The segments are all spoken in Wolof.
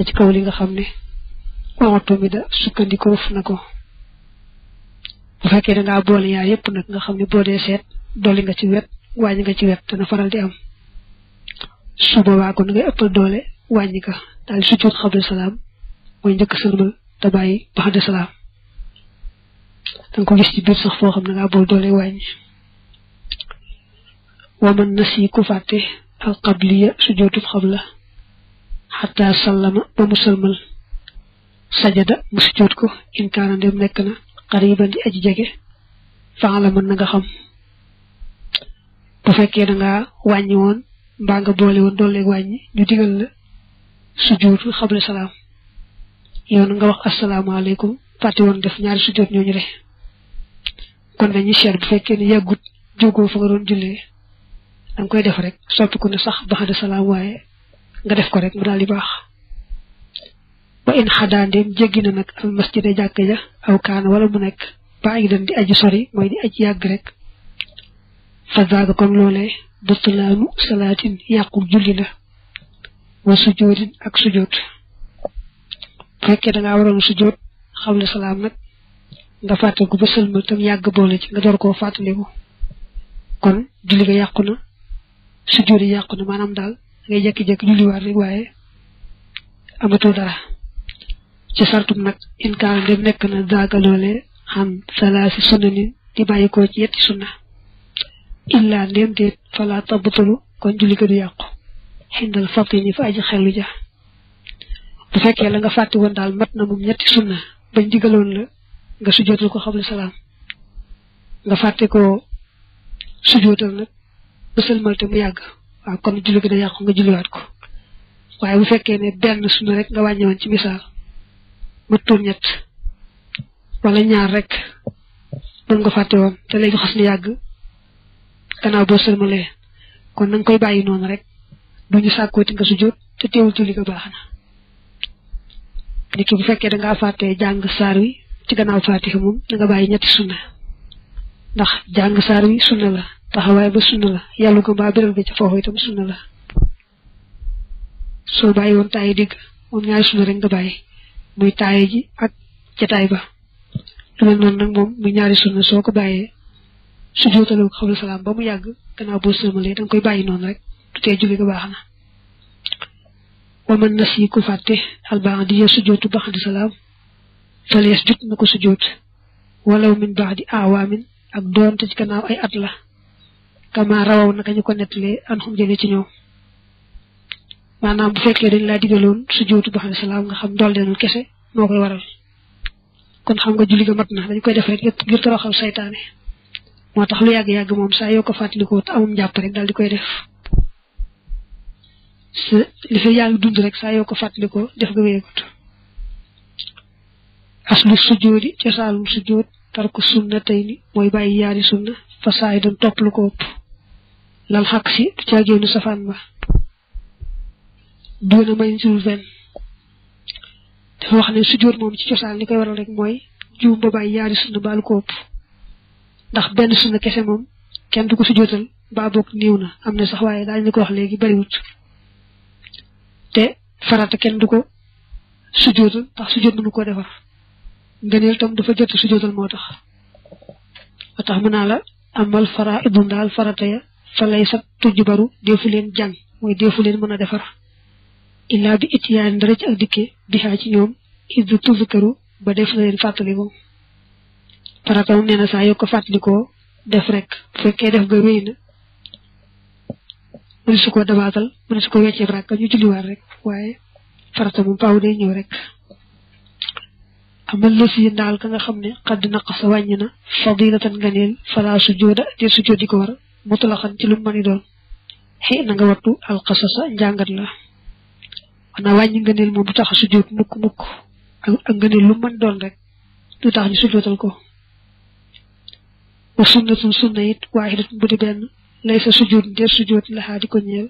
ko ci kaw li nga xam ne waxtu mi da sukkandikoof na ko bu fekkee da bool boole yaar yëpp nag nga xam ne boo dee seet dolli nga ci wet wàññi nga ci wet dana faral di am su boobaa kon ngay ëppal doole wàññi ka daal sujjóot xabla salaam mooy njëkk sërmal te bàyyi baxda salaam danga ko gis ci biir sax foo xam ne ngaa boole doole wàññi waman na ku fàtte al qabliya sujjóotub xabla xataa sallama ba mu sëlmal sajada mu sujjóot ko inkaana ndem nekk na xariban di aji jege fanga la mën na nga xam bu fekkee na nga wàññi woon mbaa nga boole woon dooleeg wàññi ñu digal la sujjóot xabla salaam yow nga wax asalaamaaleykum fàtte woon def ñaari sujjóot ñooñu le kon dañuy seet bu fekkee ne yàggut jógoo fa nga doon jullee danga koy def rek soppi ko ne sax baxada salaam waaye nga def ko rek mu daal di baax ba in xadaandeem jéggi na nag al masjida jàkk ja aw kaana wala mu nekk bàyyi dañ di aji sori mooy di aji yàgg rek fa zaaga kon loolee butlaanu salaatin yàqu julli la wa sujoodin ak sujood fekkee dangaa waroon sujood xam ne salaam nag nga fàttaliku ba sëlmal tam yàgg boole ci nga door koo yàqu na sujood yi yàqu na maanaam daal ngay jékki-jékki julliwaat rek waaye amatoo dara ci sartum nag in kaa nekk na daaga loole xam salaasi sunna ni di bàyyi ci yetti sunna illaa ndem déet fala tabatalu kon julli ga du yàqu xindal fàtti ni fa aji xelu bu fekkee la nga fàtte woon daal mat na moom ñetti sunna bañ digaloon la nga sujootal ko xabla salaam nga fàtte ko sujootal nag ba sëlmal te mu yàgg waaw kon julli gi da yàqu nga waat ko waaye bu fekkee ne benn sunna rek nga wàññi woon ci misaal ma tuur ñett wala ñaar rek doon nga fàtte woon te léegi xas na yàgg gannaaw boo sëlmalee kon na nga koy bàyyi noonu rek du ñu sàkkooti nga sujjóot te teewul julli ga baax na nit ki bu fekkee da ngaa fàtte jàng saar wi ci gannaaw fatiha moom da nga bàyyi ñetti sunna ndax jàng saar wi sunna la taxawaay ba sunna la yàlla ko mbaa biral ga ca foofu itam sunna la soo bàyyi woon taaye digg moom ñaari sunna rek nga bàyyi ba lu moom muy ñaari sunna soo ko bàyyee su jootaloo ko xabla salaam ba mu yàgg gannaaw boo sëlmalee da koy bàyyi noonu rek du tee julli ga baax na wa man nas yi ku fàtte albaax di su jootu baax di salaam falees jut na ko su joot walaw min baax di aawaamin ak doonte ci gannaaw ay at la kama rawaw naka ñu ko nettalee an xum jëlee ci ñoom maanaam bu fekkee dañ laa digaloon su jootu ba xam salaam nga xam dolleenul kese moo koy waral kon xam nga julli ga mat na dañ koy def rek ngir toroxal saytaane moo tax lu yàgg-yàgg moom saa yoo ko fàttalikoo te amum jàpp rek daal di koy def li dund rek saa ko fàttalikoo def nga wéyegut aslu sujjóoti cosaalum sujjóot tarku sunna tey ni mooy bàyyi yaari sunna fa saa yi doon topp lu ko lal xaq si du caagéenu safaan ba duuna may njurul benn dafa wax ne sujjóot moom ci cosaan li koy waral rek mooy juum ba bàyyi yaari sunna baalu ko ëpp ndax benn sunna kese moom kenn du ko sujjóotal baa boog néew na am na sax waaye daañu la koy wax léegi bariwut te farata kenn du ko sujjóotal ndax sujjóot mënu ko defar ngëneel tam dafa jot sujjóotal moo tax moo tax mën naa la amal fara ibun daal farata ya fa sa sax tujj baru deefu leen jàng mooy deefu leen mën a defar illaa bi it yaay ndara ci ak dikkee bihaa ci ñoom iddu tuzkaru ba def na leen fàttalikoo paraka moom nee na saa yoo ko fàttalikoo def rek fekkee def ba wéy na mën su ko dabaatal mën su ko weccee ràkka ñu julliwaat rek waaye farata moom paaw day ñëw rek amal lësi ndaal ka nga xam ne xadd naqasa wàññi na fadilatan nganeel fala sujooda te sujoodi ko war mutlaxan ci lu mën a doon xëy na nga wattu alxasasa njàngat la xanaa wàññi ngëneel moom du tax a sujjóot mukk mukk ak ngëneel lu mën doon rek du tax ñu sujjóotal ko wa sunnatun sunna it waaxidatun bu di benn lay sa sujjóot ndeer sujjóot laxaa di ko ñeel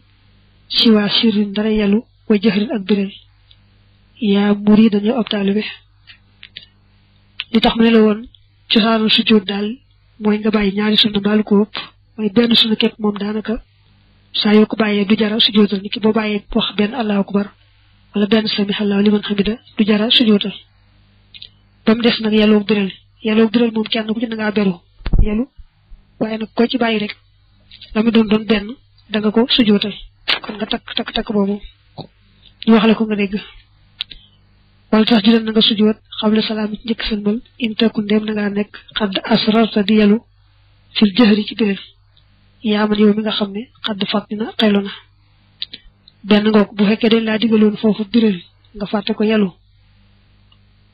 si waa sirin dara yelu wa jëxrin ak biral yaa muri dañoo ab taalibe li tax ma ne la woon cosaanu sujjóot daal mooy nga bàyyi ñaari sunna mbaalu ko ëpp mooy benn sunu moom daanaka saa yoo ko bàyyee du jara sujootal nit ki boo bàyyee wax benn allahu akbar wala benn sami allahu liman xamida du jara sujootal ba mu des nag yelloog biral yelloog biral moom kenn ku ci na ngaa beru yelu waaye nag koo ci bàyyi rek la mu doon doon benn da nga ko sujootal kon nga takk takk takk boobu ñu wax la ko nga dégg wala tax jural na nga sujoot xawle salaam njëkk sëlmal in takku ndéem na ngaa nekk xadd asrarta di yelu fil jëhri ci biral yaa man nga xam ne xadd fàtt na xelu na benn ngoog bu fekkee dañ laa digaloon foofu biral nga fàtte ko yelu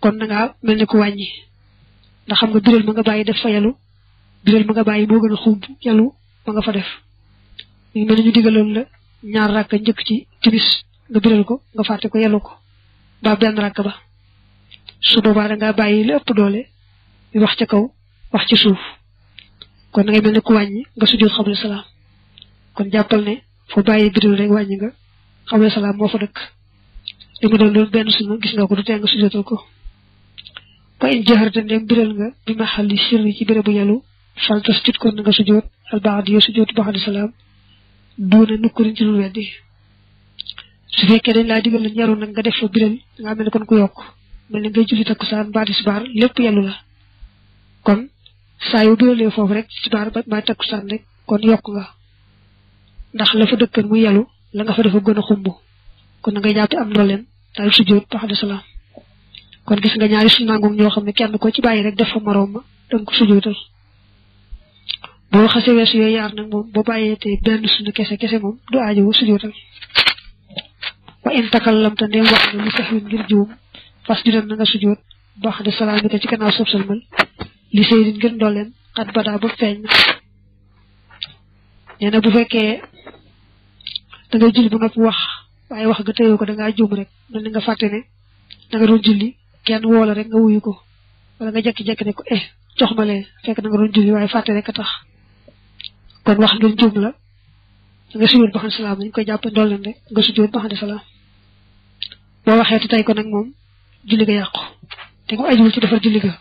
kon da mel ni ku wàññi ndax xam nga biral ma nga bàyyi def fa yelu biral ma nga bàyyi moo gën a xumb yelu ma nga fa def ñu mel ni ñu digaloon la ñaar rakk njëkk ci timis nga biral ko nga fàtte ko yelu ko ba benn rakk ba su ba da ngaa bàyyi li ëpp doole wax ca kaw wax ci suuf kon da ngay mel ne ku wàññi nga sujjóot xabla salaam kon jàppal ne foo bàyyi bidul rek wàññi nga xabla salaam moo fa dëkk li mu doon loolu benn sunna gis nga ko du tee nga sujjóotal ko ba in jaxarta ndem biral nga bi ma xali sirri ci bérébu yalu faltas tit kon nga sujjóot albaax di yoo sujjóotu baxadi salaam duuna nukkurin ci lu weddi su fekkee dañ laa digal lañ yaru nag nga def fa biral da ngaa mel ni kon ku yokk mel ne ngay julli takkusaan mbaa tisbaar lépp yàllu la kon saa yu doolee foofu rek tisbaar ba ba takkusaan rek kon yokk nga ndax la fa dëkkan mu yelu la nga fa dafa gën a xumb kon na ngay jàppe am ndooleen daal sujjóot ba'da salaam kon gis nga ñaari suñu nangu ñoo xam ne kenn ko ci bàyyi rek def fa moroom ma danga ko sujjóotal boo xasee weesu yooyu yaar nag moom boo bàyyee te benn suñu kese kese moom du aajowu sujjóotal wa in takallamta ndeem wax nga lu tax ngir juum fas judan na nga sujjóot ba'da salaam bi ko li sëyrin ngir ndolleen xat badaa ba feeñ na nee bu fekkee da ngay julli ba noppi wax waaye wax nga tëyoo ko da ngaa juum rek mel ni nga fàtte ne da nga doon julli kenn woola rek nga wuyu ko wala nga jekki-jekki ne ko eh jox ma lee fekk na nga doon julli waaye fàtte rek a tax kon wax ngir juum la nga sujjóot ba xam ne salaam koy jàpp ndolleen rek nga sujjóot ba xam ne salaam boo waxee te tey ko nag moom julli ga yàqu te ko ajuwul ci defar julli ga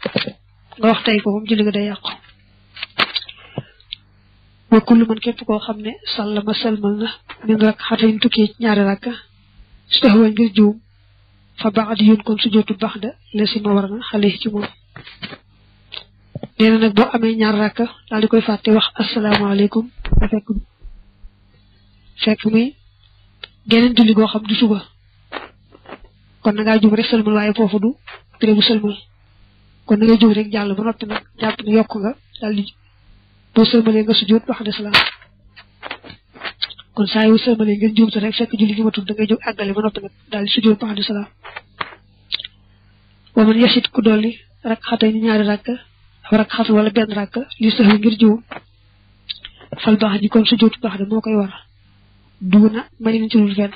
nga wax tey ko moom julli nga day yàqu wa kullu man képp koo xam ne sallama salmal na min rak xatayin tukkee ci ñaari rakka su taxawee ngir juum fa baax di yoon kon su jootu baax da la si ma war na xale ci moom nee nag boo amee ñaar rakka daal di koy fàtte wax asalaamaaleykum fekk fekk muy geneen julli goo xam du suba kon na ngaa jum rek sëlmal waaye foofu du pré bu sëlmal kon da ngay jóg rek jàll ba noppi nag jàpp ne yokk nga daal di boo sëlmalee nga sujjóot wax de salaam kon saa yu sëlmalee ngeen juumte rek fekk julli gi da ngay jóg àggale ba noppi nag daal di sujjóot wax de salaam wa man yasit ku dolli rak xatay ni ñaari rakk aw rak xatu wala benn rakk li sax ngir juum fal baax ji kon sujjóot baax de moo koy war duuna mari ni ci lul fenn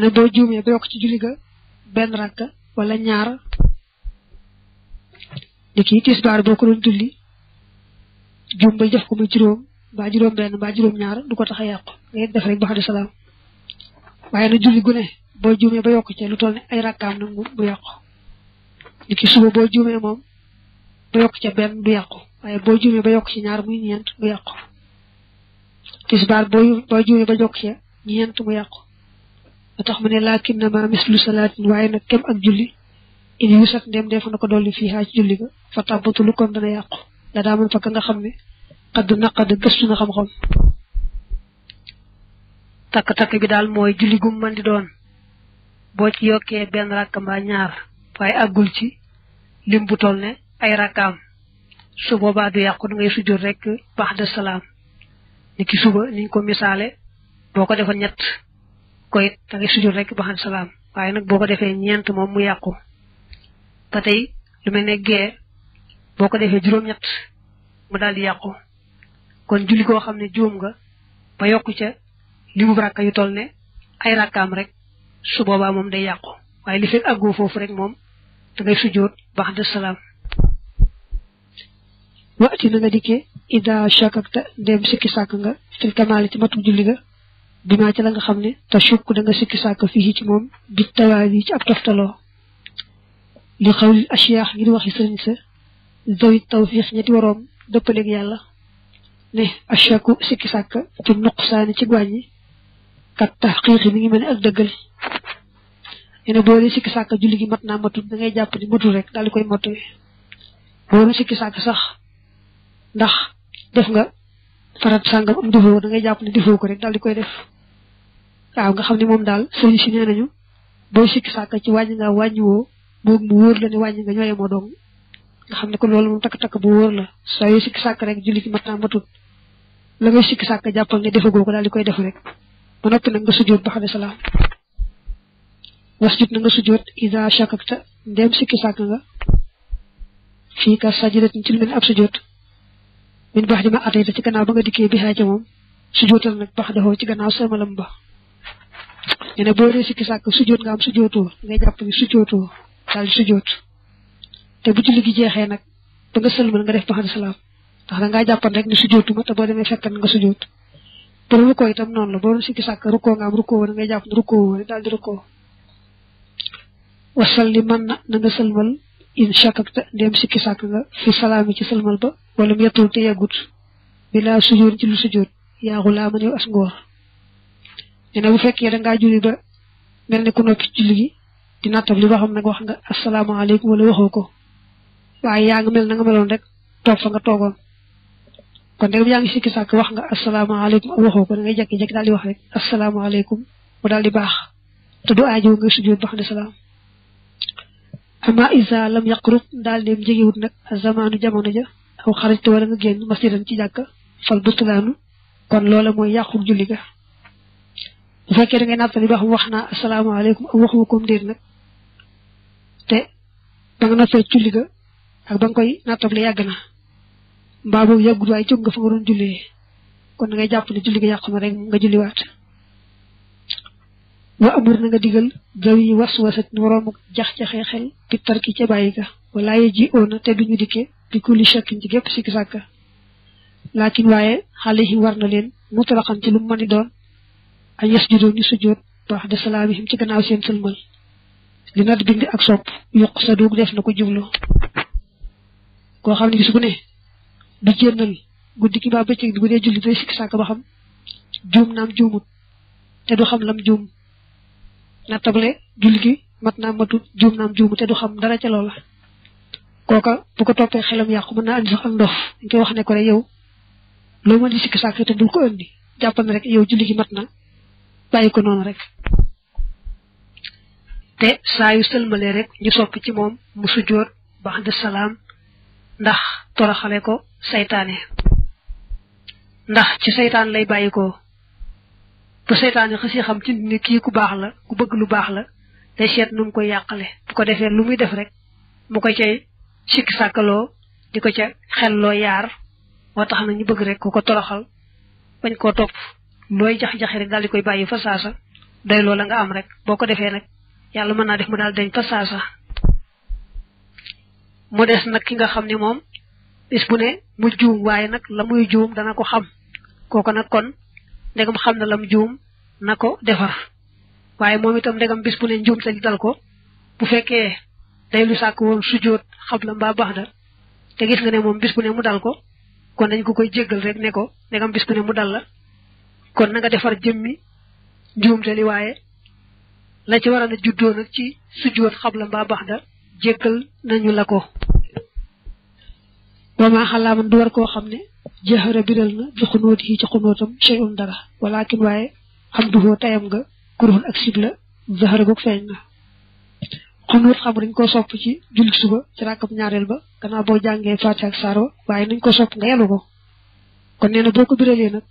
nee boo juumee ba yokk ci julli ga benn rakk wala ñaar ki kii tisbaar boo ko doon julli jum ba def ko muy juróom mbaa juróom benn ñaar du ko tax a yàqu ngay def rek ba xadi salaam waaye na julli gu boo juumee ba yokk ci lu toll ay rakkaam nag mu yàqu ni ki suba boo ca benn bu yàqu waaye boo juumee ba yokk ci ñaar muy ñeent du yàqu tisbaar boo boo juumee ba yokk ca ñeent mu yàqu ba tax mu ne laakin na ma mislu salaatin waaye nag kem ak julli indi yu sag ndem def na ko dolli fii xaaj julli ga fa tàbbatulu kon dana yàqu da daa mën fa ka nga xam ne xadd naqad gëstu na xam-xam tak takk bi daal mooy julli gum mën di doon boo ci yokkee benn rakk mbaa ñaar waaye àggul ci lim bu toll ne ay rakkaam su boobaa du yàqu da ngay sujjóot rek baax de salaam ni ki suba niñ ko misaale boo ko defa ñett koy da ngay sujjóot rek baax de salaam waaye nag boo ko defee ñeent moom mu yàqu ba tey lu mel ne gee boo ko defee juróom-ñett mu daal di yàqu kon julli koo xam ne juum nga ba yokku ca li mu rakka yu toll ne ay rakkaam rek su boobaa moom day yàqu waaye li fekk àggoo foofu rek moom da ngay sujjóot baax de salaam waati na nga dikkee ida shakakta ndem sikki sàkk nga fil kamaali ci matuk julli ga bi maa ci la nga xam ne te shukk da nga sikki sàkk fii ci moom bi tawaa bi ci ab toftaloo li xawli asiyax ngir waxi sëriñ sa zawit tawfiix ñetti waroom dëppaleeg yàlla ne ashaku sikki sàkk ci nuqsaani ci gwàññi kat taxqiiqi mi ngi mel ne ak dëggal ñu ne boole sikki sàkk julli gi mat naa matul da ngay jàpp ni matul rek daal di koy mottali boole sikki sàkk sax ndax def nga farat sàngam am defoo da ngay jàpp ni defoo ko rek daal di koy def waaw nga xam ne moom daal sëriñ si nee nañu booy sàkk ci wàññi nga wàññiwoo moom mu wóor la ne wàññi nga ñooye moo doom nga xam ne kon loolu moom takk-takk bu wóor la saa yu sikki sàkk rek julli ci mat naa matut la ngay sikki sàkk jàppal ne defagoo ko daal di koy def rek ba noppi nag nga sujjóot ba xam ne salaam wasjud na nga sujjóot isa shakakta ndéem sikki sàkk nga fii ka sajidatin ci lu mel ne ab sujjóot min baax di ma atayta ci gannaaw ba nga dikkee bi xaa ca moom sujjóotal nag baax defoo ci gannaaw sërmalam ba ñu ne boo dee sikki sàkk sujjóot nga am sujjóotoo ngay jàpp ni sujjóotoo daal di sujjóot te bu julli gi jeexee nag ba nga sëlmal nga def ba salaam ndax da ngaa jàppan rek ni sujjóotuma te boo demee fekkan nga sujjóot pour rukkoo itam noonu la boo doon sikki sàkk rukkoo nga am rukkoo woon ngay jàpp ne rukkoo man na na nga sëlmal in shakakta ndéem sikki sàkk nga ci sëlmal ba wala mu yettul te yeggut bi laa sujjóot ci lu sujjóot yaaxu laa ma bu fekkee da julli ba mel ni ku noppi julli gi di nattab li boo xam nag wax nga asalaamaaleykum wala waxoo ko waaye yaa ngi na nga meloon rek toog fa nga toogoon kon dégg yaa ngi sikki sàkk wax nga asalaamaaleykum ak waxoo ko da ngay jékki-jékki daal di wax rek asalaamaaleykum mu daal di baax te du aajo nga sujjoot ba xam ne salaam ama isa lam yaqrub daal dem jegewut nag zamaanu jamono ja aw xarajte wala ci jàkka fal butlaanu kon loola mooy yàqu julli bu fekkee da ngay ba wax naa asalaamaaleykum am waxuma koom déet nag koy nattable yàgg na mbaa boobu yàggut waaye jóg nga fa nga doon kon da ngay jàpp ne julli ga yàqu na rek nga julliwaat wa amur na nga digal gaw yi waswasat nu waroomu jax-jaxee xel pittar ki ca bàyyi ga walaaye ji oona te duñu dikke di kulli shakkin ci gépp sikki sàkka laakin waaye xale yi war na leen mutlaqan ci lu mu di doon ay yasjudu ni sujjóot ba'da salaamihim ci gannaaw seen sëlmal li nat bindi ak sopp yuq sa duug def na ko jublu koo xam ne gis bu ne du jénnal guddi ki ba bëccëg bi bu dee julli day sikk sàkk ba xam juum naam juumut te du xam lam juum na table julli gi mat naam matut juum naam juumut te du xam dara ca loola kooka bu ko toppee xelam yàqu mën naa andi sax ak ndof wax ne ko rek yow loo mën di sikk sàkk te bul ko andi jàppal ne rek yow julli gi mat na bàyyi ko noonu rek te saa yu sëlmalee rek ñu sopp ci moom mu sujjóot baax de salaam ndax toroxale ko seytaane ndax ci seytaan lay bàyyi ko bu saytaane xësi xam ci ni kii ku baax la ku bëgg lu baax la day seet nu mu koy yàqale bu ko defee lu muy def rek mu ko cay sikki sàkkaloo di ko ca loo yaar moo tax na ñu bëgg rek ku ko toroxal bañ koo topp looy jax-jaxe rek daal di koy bàyyi fa saasa doy loola nga am rek boo ko defee nag yàlla mën naa def mu daal dañ fa saasa mu des nag ki nga xam ne moom bis bu ne mu juum waaye nag la muy juum dana ko xam kooko nag kon ndegam xam na lam juum na ko defar waaye moom itam ndegam bis bu ne njuum te dal ko bu fekkee day lu sàkk woon sujjóot xam la mbaa baax da te gis nga ne moom bis bu ne mu dal ko kon dañ ko koy jéggal rek ne ko ndegam bis bu ne mu dal la kon na nga defar jëmmi njuumte li waaye la ci waroon a juddoo nag ci sujjóot xabla mbaa bax da jëkkal nañu la ko wama xalaaman du war koo xam ne jaxara biral na bi xunóot yi ci xunóotam cheyun dara walakin waaye xam duhoo tayam nga kuruxun ak sibla jaxara goog feeñ na xunóot xam dañ ko sopp ci jullit suba ci ràkkab ñaareel ba gannaaw boo jàngee fatiha ak saar waaye nañ ko sopp nga yelu ko kon nee boo ko biralee nag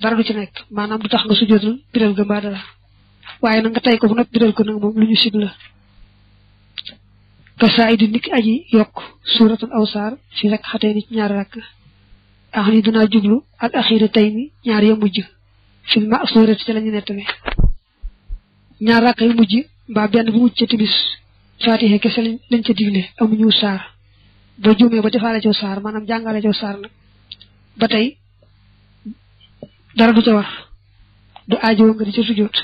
dara du ci nekk maanaam du tax nga sujjóotal biral ga mbaa dara waaye nag nga tey ko bu nag biral ko nag moom lu ñu sib la saa idi niki aji yokk suuratul awsaar fi rek xatee ni rakk ax ni dinaa jublu tey ñaar ya mujj fil ma suurati ci la ñu nettali ñaar rakk yu mujj mbaa benn bu mujj ca timis faatixe kese lañ ca digle amuñu saar ba juumee ba defaale ca saar maanaam jàngale ca saar nag ba tey dara du ca war du aajowoo nga di ca sujjóot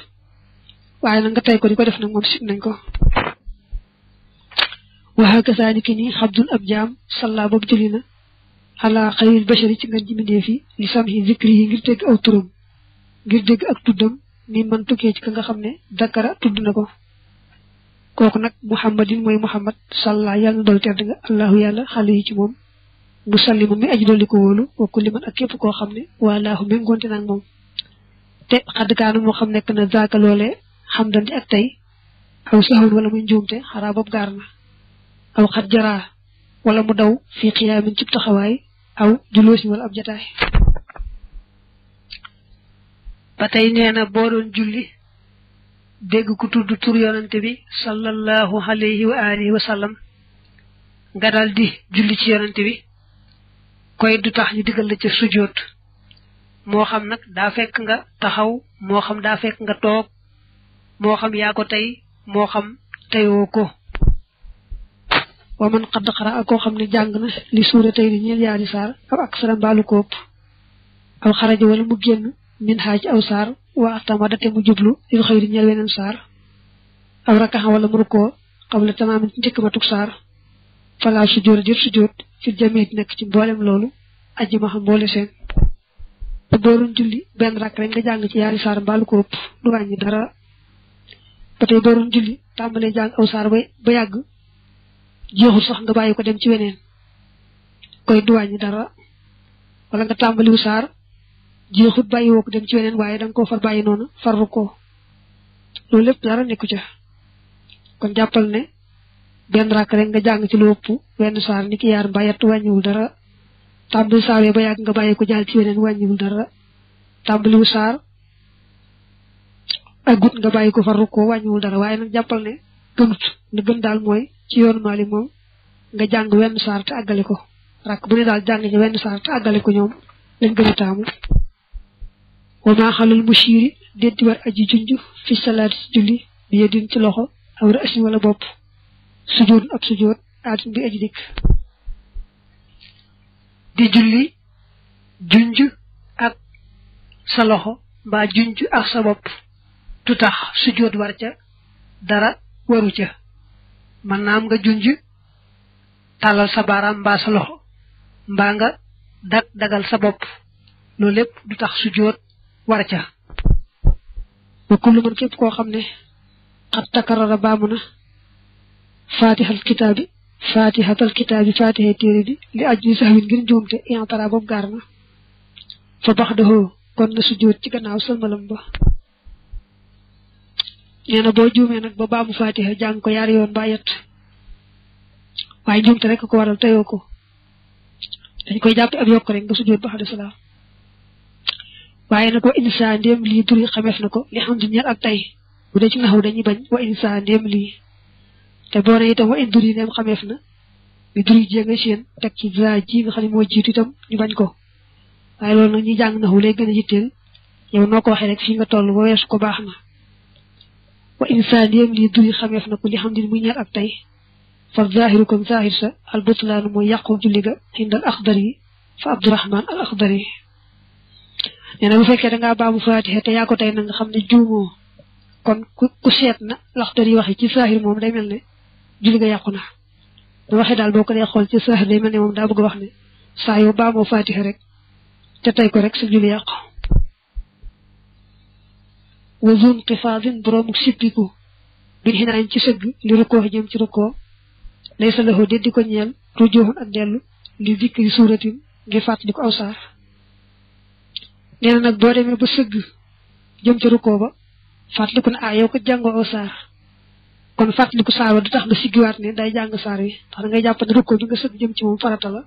waaye nag nga tey ko di ko def nag moom sit nañ ko waxa kasaani ki ni xabdun ab jaam salla boobu jëli na ala xayril bashari ci ngeen ji mindee fi li samhi zikri yi ngir dégg aw ngir dégg ak tuddam ni man ci ka nga xam ne dakara tudd na ko kooku nag muhammadin mooy muhammad salla yàlla na dool tedd allahu yàlla xale yi ci moom mu salli mi aji dolli ko wóolu wa kulli ak képp koo xam ne waalaahu méngoonte nag moom te xadd kaanu moo xam nekk na zaaka loole xam dandi ak tey aw saxoon wala muy njuumte xaraa boobu gaar na aw xat jaraa wala mu daw fii xiyaamin cib taxawaay aw juloosi wala ab jataay ba tey nee boo doon julli dégg ku tudd tur yonante bi sallallahu alayhi wa alihi wa sallam nga daal di julli ci yonante bi koy du tax ñu diggal la ca sujjóot moo xam nag daa fekk nga taxaw moo xam daa fekk nga toog moo xam yaa ko tey moo xam teyoo ko wa man xadd xara ak koo xam ne jàng na li suura tey ni ñeel yaari saar aw ak sara mbaalu kóob aw xaraja wala mu génn min xaaj aw saar waa atama date mu jublu il di ñeel weneen saar aw rakaxa wala mu rukkoo xawla tamaam njëkk matuk saar fala sujjóot a jot sujjóot fi jamiit nekk ci mboolem loolu aji ma xam mboole seen te booruñ julli benn rakk rek nga jàng ci yaari saar mbaalu ko ëpp du wàññi dara ba tey booruñ julli tàmbalee jàng aw saar ba yàgg jeexul sax nga bàyyi ko dem ci weneen koy du wàññi dara wala nga tàmbaliwu saar jeexut bàyyi woo ko dem ci weneen waaye danga koo far bàyyi noonu faru ko loolu lépp dara nekku ca kon jàppal ne benn rakk rek nga jàng ci lu ëpp wenn saar ni ki yaar mbaa yett wàññiwul dara tàmbali saar yi ba yàgg nga bàyyi ko jàll ci weneen wàññiwul dara tàmbaliwu saar ak nga bàyyi ko faru ko wàññiwul dara waaye nag jàppal ne gënut li gën daal mooy ci yoonu Maalik moom nga jàng wenn saar te àggale ko rakk bu ne daal jàng ci wenn saar te àggale ko ñoom lañ gën a taamu wa maa xalul mushiiri war aji junj fi salaati julli bi yedin ci loxo aw raasin wala bopp sujjóot ak sujjóot aat bi aji dikk di julli junj ak sa loxo mbaa junj ak sa bopp du tax sujjóot war ca dara waru ca mën naa am nga junj tàllal sa baaraam mbaa sa loxo mbaa nga dag sa bopp loolu lépp du tax sujjóot war ca wa kullu man képp koo xam ne xat takarara baamu na faatixal kitaabi faatixatal kitaabi faatixe téere bi li aj sax win ngir njuumte intara boobu gaar na fa bax daxoo kon na sujjóot ci gannaaw sëlmalam ba nee na boo juumee nag bo baamu faatixa jàng ko yaari yoon ba yett waaye njuumte rek ko waral teyoo ko dañ koy jàppe ab yokk rek nga sujjóot ba xada salaam waaye nag wa insa ndéem lii turi xameef na ko li xam di ñeel tey bu dee ci naxaw dañuy bañ wa insa ndéem lii te boo nee itam wa indul yi neem xameef na bi duri jénga seen teg ci dra ji nga xam ne moo jiitu itam ñu bañ ko waaye loolu nag ñuy jàng naxu lay gën a yitteel yow noo ko waxee rek fii nga toll ba weesu ko baax na wa insaan yéem lii duri xameef na ku li xam ne muy ñaar ak tey fa zahiru kon zahir sa al butlaanu mooy yàqu julli ga xind al axdar yi fa abdourahman al axdar yi nee bu fekkee da ngaa baamu fatiha te yaa ko na xam ne juumoo kon ku seet na laxdar yi waxe ci zahir moom day ne julli nga yàqu na da waxee daal boo ko dee xool ci sax day mel ne moom daa bëgg wax ne saa yoo baa moo faatixa rek te tey ko rek sa julli yàqu wazun qifaadin boroomu sippiku duñ xinaañ ci sëgg li rukkoo jëm ci rukkoo lay sa loxo déddi ko ñeel rujuxun ak dellu li dikri suuratin ngir fàttali ko aw saar nee nag boo demee ba sëgg jëm ci rukkoo ba fàttali ko ne ah yow ko jàngoo aw saar kon fàttaliku saar wa du tax nga siggiwaat ne day jàng saar wi ndax da jàpp ne rukkoo bi nga sëgg jëm ci moom farata la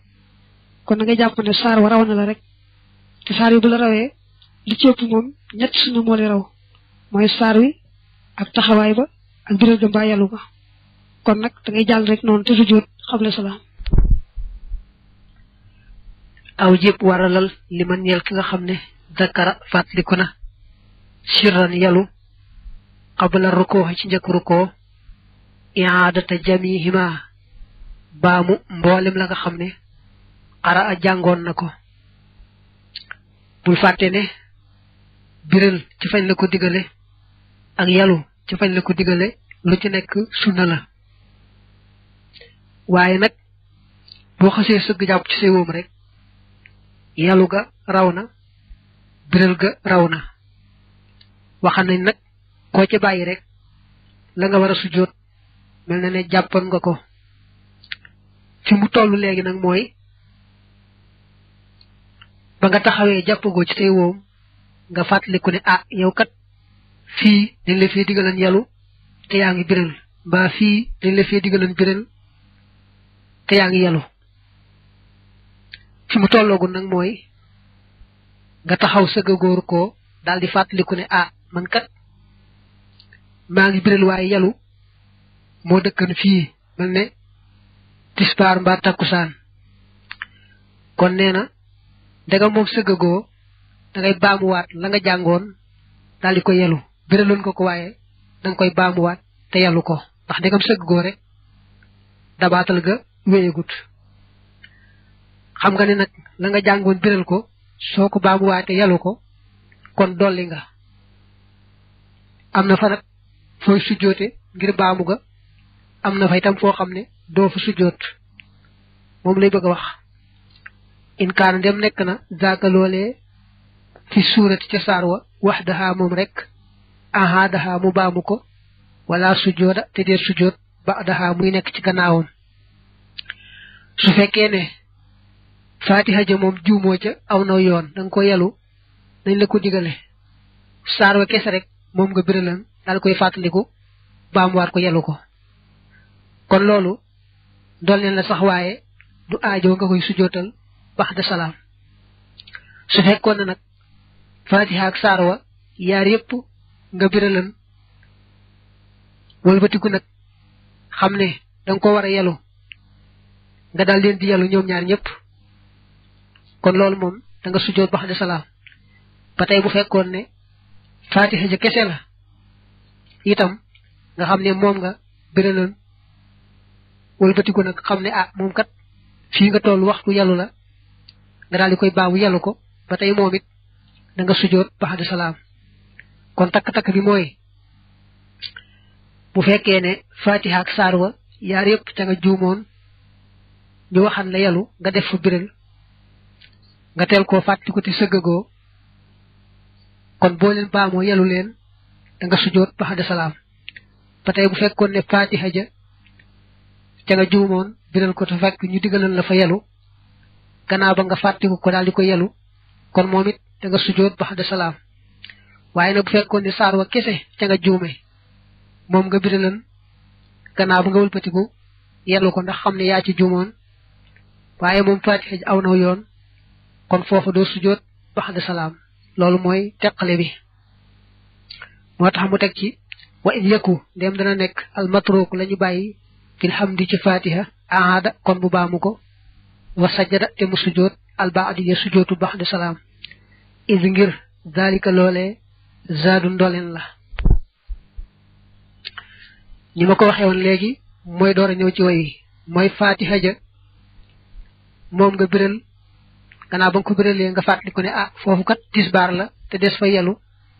kon da ngay jàpp ne saar wa raw na la rek te saar wi bu la rawee li ci ëpp moom ñett suñu moo lay raw mooy saar wi ak taxawaay ba ak biral ga mbaa ba kon nag da ngay jàll rek noonu te sujjóot xable salaam aw jib waralal li man ñeel ki nga xam ne dakara fàttaliku na sirran yalu xabala rukkoo ci njëkk rukkoo ihaadata jamihima baamu mboolem la nga xam ne xara a jàngoon na ko bul fàtte ne biral ci fañ la ko digale ak yalu ci fañ la ko digale lu ci nekk sunna la waaye nag boo xasee sëgg jàpp ci say wóom rek yalu ga raw na biral ga raw na waxam nañ nag koo ci bàyyi rek la nga war sujjóot mel na ne jàppoon nga ko fi mu toll léegi nag mooy ba nga taxawee jàppagoo ci tey woom nga fàttaliku ne ah yow kat fii dañ la fee diggalan yalu te yaa ngi biral mbaa fii dañ la fee diggalan biral yalu fi mu tolloogu nag mooy nga taxaw sëgagóor ko dal di fàttaliku ne a ah, man kat maa ngi biral waaye yalu moo dëkkan fii mel ne tispaar mbaa takkusaan kon nee na ndegam moom sëggagoo da ngay baamuwaat la nga jàngoon daal di ko yelu béraloon ko ko waaye da koy baamuwaat te yelu ko ndax ndegam sëggagoo rek dabaatal ga wéyagut xam nga ne nag la nga jàngoon biral ko soo ko baamuwaatee yelu ko kon dolli nga am na fa nag fooy sujjoote ngir baamu ga am na fa itam foo xam ne doo fa sujjoot moom lay bëgg wax in kaana dem nekk na zaaka loolee fi suurati ca saar wa wax daxaa moom rek aha daxaa mu baamu ko wala sujjooda te dee sujjoot ba daxaa muy nekk ci gannaawam su fekkee ne fatiha ja moom juumoo ca aw na yoon da ko yelu dañ la ko digale saar wa kese rek moom nga biralan daal koy fàttaliku baamuwaat ko yelu ko kon loolu dolli na sax waaye du aajo nga koy sujootal bax da salaam su fekkoon ne nag fatiha ak saar wa yaar yépp nga biralan wëlbatiku nag xam ne danga ko war a yelu nga daal leen di yelu ñoom ñaar ñëpp kon loolu moom da nga sujjoot bax de salaam ba tey bu fekkoon ne fatiha ja kese itam nga xam ne moom nga biraloon wëlbatiku nag xam ne ah moom kat fii nga toll waxtu yàllu la nga daal koy baamu yàllu ko ba tey moom it da nga sujoot baxadu kon takk-takk bi mooy bu fekkee ne fatiha ak saar yaar yëpp te nga juumoon ñu waxan la yàllu nga def fa biral nga teel koo fàttiku te sëggagoo kon boo leen baamoo yàllu leen da nga sujoot baxadu salaam ba tey bu fekkoon ne fatiha ja ca nga juumoon biral ko te fekk ñu digalal la fa yelu gannaaw ba nga fàttiku ko daal di ko yelu kon moom it da nga sujjoot ba xadda salaam waaye nag bu fekkoon ne saar wa kese ca nga juume moom nga biralan gannaaw ba nga wëlbatiku yelu ko ndax xam ne yaa ci juumoon waaye moom fatiha ji aw na yoon kon foofu doo sujjoot ba xadda salaam loolu mooy teqale bi moo tax mu teg ci wa in yëkku ndem dana nekk almatruk la ñu bàyyi fil hamdi ci fatiha aada kon bu baamu ko wa sajada te mu sujoot albaadi ya sujootu bax di salaam is ngir dalika loolee zaadu ndoleen la ni ma ko waxee woon léegi mooy door a ñëw ci woy mooy fatiha ja moom nga biral gannaaw ba nga ko biralee nga fàttaliku ne ah foofu kat tisbaar la te des fa yelu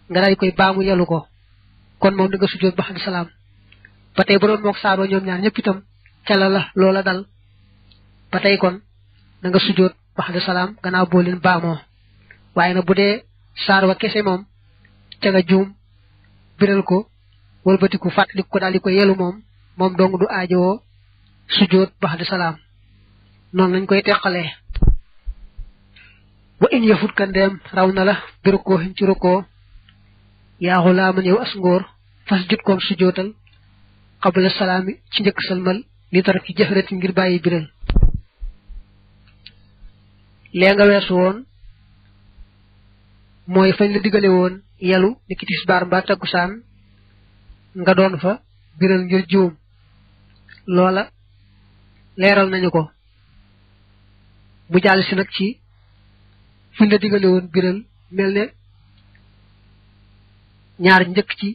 nga daal koy baamu yelu ko kon moom da nga sujjoot bax di salaam ba tey bu doon moog saaba ñoom ñaar ñëpp itam ca la la loola dal ba kon na nga sujjoot gannaaw boo baamoo waaye nag bu dee saar wa kese moom ca nga juum biral ko wëlbatiku fàttaliku ko daal di ko moom moom dong du aajowoo sujjoot wax de lañ koy teqalee wa in yafut ka ndeem raw na la biru koo hin ci rukkoo yaa xulaa man yow as ngóor fas jut koom sujjootal qabla salaami ci njëkk salmal li tarki jëfrati ngir bàyyi biral lee nga weesu woon mooy fañ la digale woon yelu ni ki tisbaar mbaa tàggusaan nga doon fa biral ngir juum loola leeral nañu ko bu jàll si nag ci fuñ la digale woon biral mel ne ñaar njëkk ci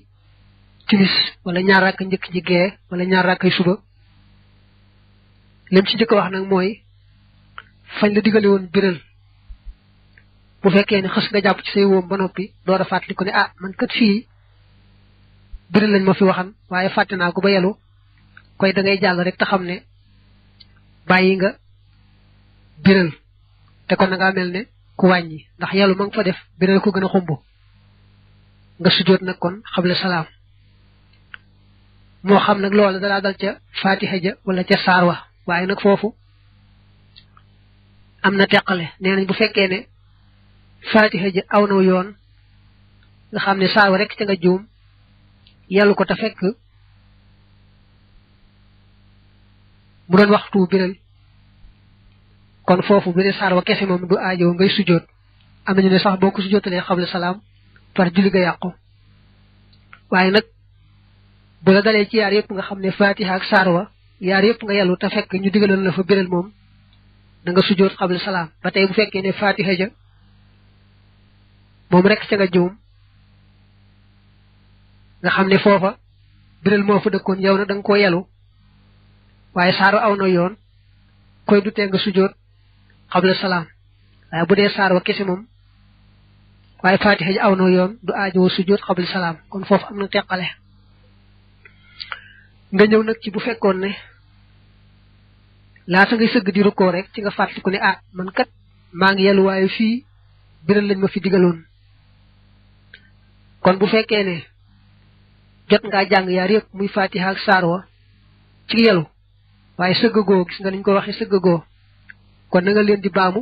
timis wala ñaar njëkk ci gee wala ñaar ay suba lim ci njëkk wax nag mooy fañ la digale woon biral bu fekkee ne xës nga jàpp ci say wóom ba noppi door a fàttali ko ne ah man kat fii biral lañ ma fi waxan waaye fàtte naa ko ba yelu koy da ngay jàll rek te xam ne bàyyi nga biral te kon na ngaa mel ne ku wàññi ndax yelu ma nga fa def biral ko gën a xumb nga sujjoot nag kon xamle salaam moo xam nag lool dalaa dal ca fatiha ja wala ca saar wa waaye nag foofu am na teqale nee nañ bu fekkee ne fatiha ja aw naw yoon nga xam ne saar wa rek ca nga juum yàllu ko ta fekk mu doon waxtu biral kon foofu bi ne saar wa kese moom du aajo ngay sujjoot am nañu ne sax boo ko sujjootalee xamle salaam par julli ga yàqu waaye nag bu la dalee ci yaar yëpp nga xam ne fatiha ak saar wa yaar yëpp nga yellu te fekk ñu digaloon la fa biral moom da nga sujjoot xabla salaam ba tey bu fekkee ne fatiha ja moom rek ca nga xam ne foofa biral moo fa dëkkoon yow nag koo yellu waaye saar wa aw na yoon koy dutee nga sujjoot xabla salaam waaye bu dee saar wa kese moom waaye fatiha ja aw na yoon du aajowoo sujjoot xabla salaam kon foofu am na teqale nga ñëw nag ci bu fekkoon ne laata ngay sëgg di rukkoo rek ci nga fàttaliku ne ah man kat maa ngi yàlla waaye fii biral lañ ma fi digaloon kon bu fekkee ne jot ngaa jàng yaar yëpp muy fatiha ak saar wa ci yelu waaye sëggagoo gis nga niñ ko waxee sëggagoo kon na nga leen di baamu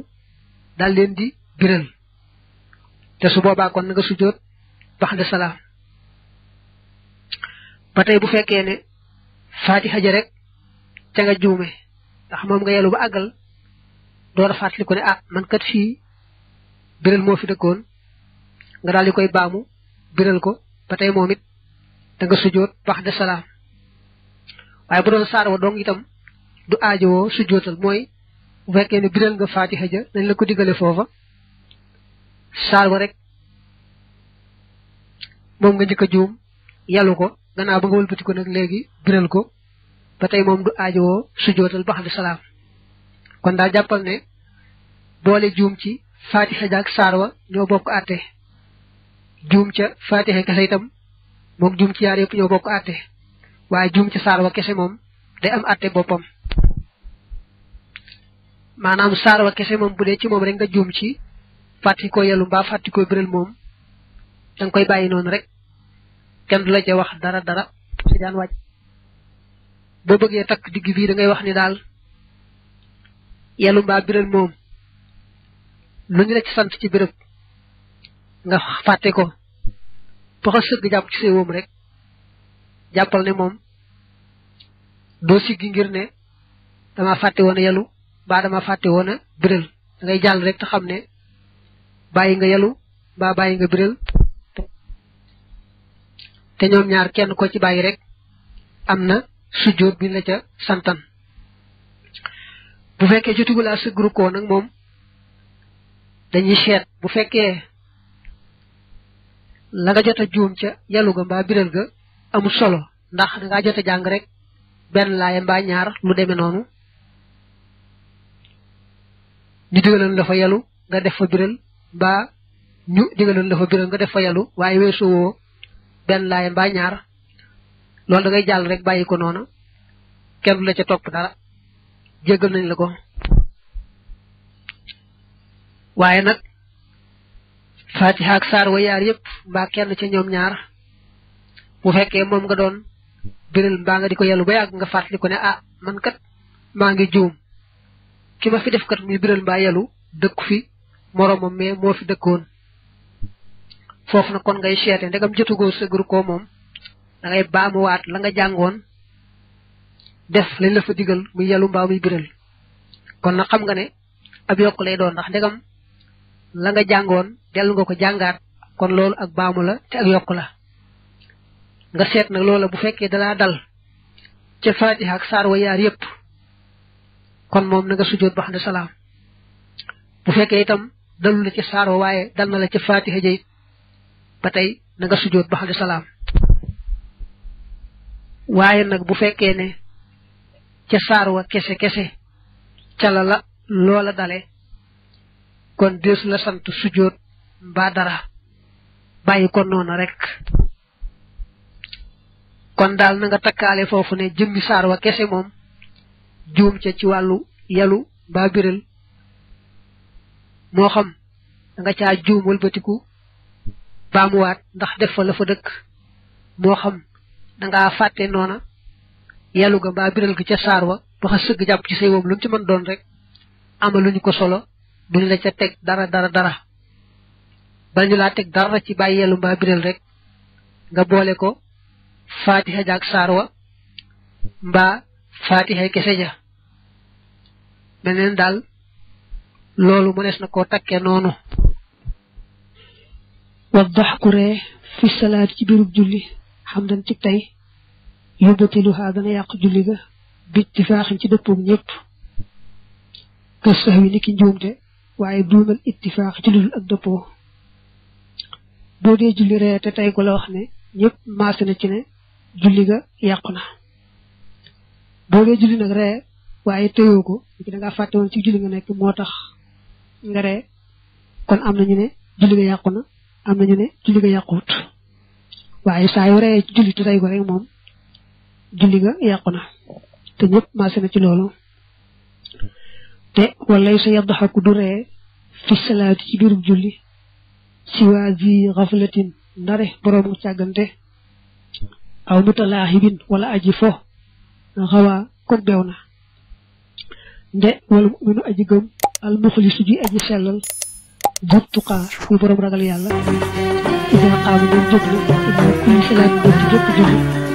daal leen di biral te su boobaa kon na nga sujjoot bax de salaam ba tey bu fekkee ne faatiha ja rek ca nga juume ndax moom nga yelu ba àggal door a fàttali ko ne ah man kat fii biral moo fi dëkkoon nga daal di koy baamu biral ko ba tey moom it da nga sujjoot wax de salaam waaye bu doon saar wa dong itam du aajowoo sujjootal mooy bu fekkee ne biral nga faatiha ja dañ la ko diggale foofa saar wa rek moom nga njëkk a juum yalu ko gannaaw ba nga wëlbati ko nag léegi biral ko ba tey moom du aajowoo sujootal ba xam salaam kon daa jàppal ne boole juum ci faatixa jaak saar wa ñoo bokk àtte juum ca faatixa kese itam moom ci yaar yëpp ñoo bokk ate waaye juum ca saar kese moom day am àtte boppam maanaam saar wa kese moom bu dee ci moom rek nga juum ci fàtti ko yelu mbaa fàtti ko biral moom danga koy bàyyi noonu rek kenn du la ca wax dara dara si daan bëggee takk digg bii dangay wax ni daal yelu mbaa biral moom lu ñu la ci sant ci béréb nga fàtte ko paxa sëgg jàpp ci say woom rek jàppal ne moom doo siggi ngir ne dama fàtte woon a yelu mbaa dama fàtte woon a biral da jàll rek te xam ne bàyyi nga yelu mbaa bàyyi nga biral te ñoom ñaar kenn ko ci bàyyi rek am na sujjóot bi la ca santan bu fekkee jotugul a sëgg rukkoo nag moom dañuy seet bu fekkee la nga jot juum ca yalu ga mbaa biral ga amul solo ndax da ngaa jot a jàng rek benn laaya mbaa ñaar lu deme noonu ñu digaloon la fa yalu nga def fa biral mbaa ñu digaloon la fa biral nga def fa yalu waaye weesoo benn laay mbaa ñaar loolu da ngay jàll rek bàyyi ko noonu kenn du la ca topp dara jéggal nañ la ko waaye nag fatiha ak saar wa yaar yëpp mbaa kenn ca ñoom ñaar bu fekkee moom nga doon biril baa nga di ko yellu ba yàgg nga fàttali ko ne ah man kat maa ngi juum ki ma fi def kat muy biral mbaa yellu dëkku fi moroomam mais moo fi dëkkoon foofu na kon ngay seete ndegam jotugoo sa ko moom da ngay baamuwaat la nga jàngoon def lañ la fa digal muy yelu mbaa muy biral kon na xam nga ne ab yokk lay doon ndax ndegam la nga jàngoon dellu nga ko jàngaat kon loolu ak baamu la te ak yokk la nga seet na loolu la bu fekkee dalaa dal ca faatiha ak saar wa yaar yépp kon moom na nga sujjóot ba xam salaam bu fekkee itam dalu la ci saar wa waaye dal na la ca faatiha ja ba tey na nga sujjóot ba xada salaam waaye nag bu fekkee ne ca saar wa kese kese ca la la loola dale kon dees la sant sujjóot mbaa dara bàyyi ko noonu rek kon daal na nga takkaale foofu ne jëmmi saar wa kese moom juum ca ci wàllu yalu mbaa biral moo xam da caa juum wëlbatiku baamuwaat ndax def fa la fa dëkk moo xam danga fàtte noona yàllu ga mbaa biral gi ca saar wa ba xa sëgg jàpp ci say woom lu mu ci mën doon rek amaluñu ko solo duñu la ca teg dara dara dara bala ñu laa teg dara ci bàyyi yàllu mbaa biral rek nga boole ko faatixa jaak saar wa mbaa faatixa kese ja meneen daal loolu mënees na ko takke noonu waddax ku ree fi salaat ci biirub julli xam dan ci tey yóbbatiluhaa dana yàq julli ga bit ti faaxin ci dëppoog ñëpp kës sax wi ni ki njuumte waaye duunal ittifaax ci ludul ak dëppoo boo dee julli ree te tey ko la wax ne ci ne yàqu na boo dee julli nag ree waaye téyoo ko ci da ngaa fàtte woon ci julli nga nekk moo tax nga ree kon am na ñu ne julli ga yàqu na am nañu ne julli nga yàquwut waaye saa yu reyee te rey ko rek moom julli nga yàqu na te ñëpp maase na ci loolu te walay sa yaddaxaku du ree fi salaati ci biirub julli si waa ji xaflatin ndare boroomu càggante aw mutalaaxibin wala aji fo xawaa kog beew na nde wala muminu aji gëm al muxlisu ji aji sellal buttuqaa fu borom ragal yàlla idaa xaama ñu jublu ina kulli salaam ñu jëpp julli